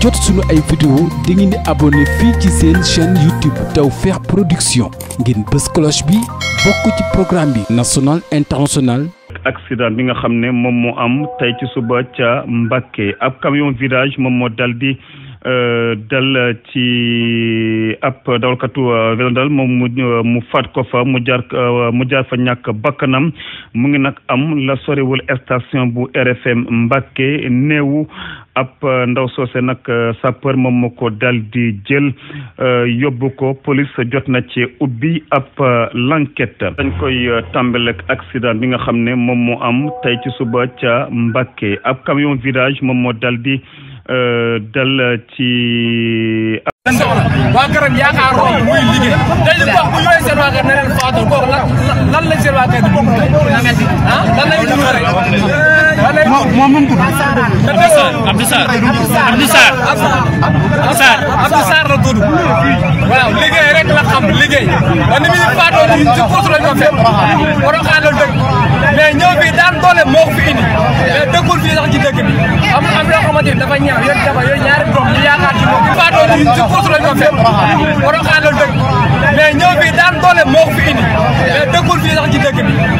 jot suñu ay vidéo da ngeen di fii ci seen chaîne YouTube Tawfekh Production ngeen bës cloche bi bokk ci programme bi national international accident bi nga xam ne moom moo am tey ci suba ca Mbacké ab camion virage moom moo dal di euh, dal ci ab dawalkatu euh, vélo moom euh, mu faat ko fa mu jaar mu jaar fa ñàkk bakkanam mu ngi nag am la sorewul station bu RFM Mbacké néewu ab euh, ndaw soose nag euh, sapeur moom moo ko daal di jël euh, yóbbu ko police jot na ci ubbi ab l'enquête dañ koy tàmbale ak bi nga xam ne moom moo am tey ci suba ca Mbàkke ab camion virage moom moo daal di dal ci waa waaw moom moom tudd. Abdou Sarr Abdou Sarr Abdou Sarr Abdou Sarr Abdou Sarr la tudd. waaw liggéey rek ci ci course lañ ko fekk. Porokhane la dëkk mais ñëw fii daan doole moo ko fi indi. mais dëkkul fii sax ci bi. am ci moom. faatoo ci ci course lañ ko fekk. Porokhane la dëkk mais ñëw doole moo ko fi indi. mais dëkkul fii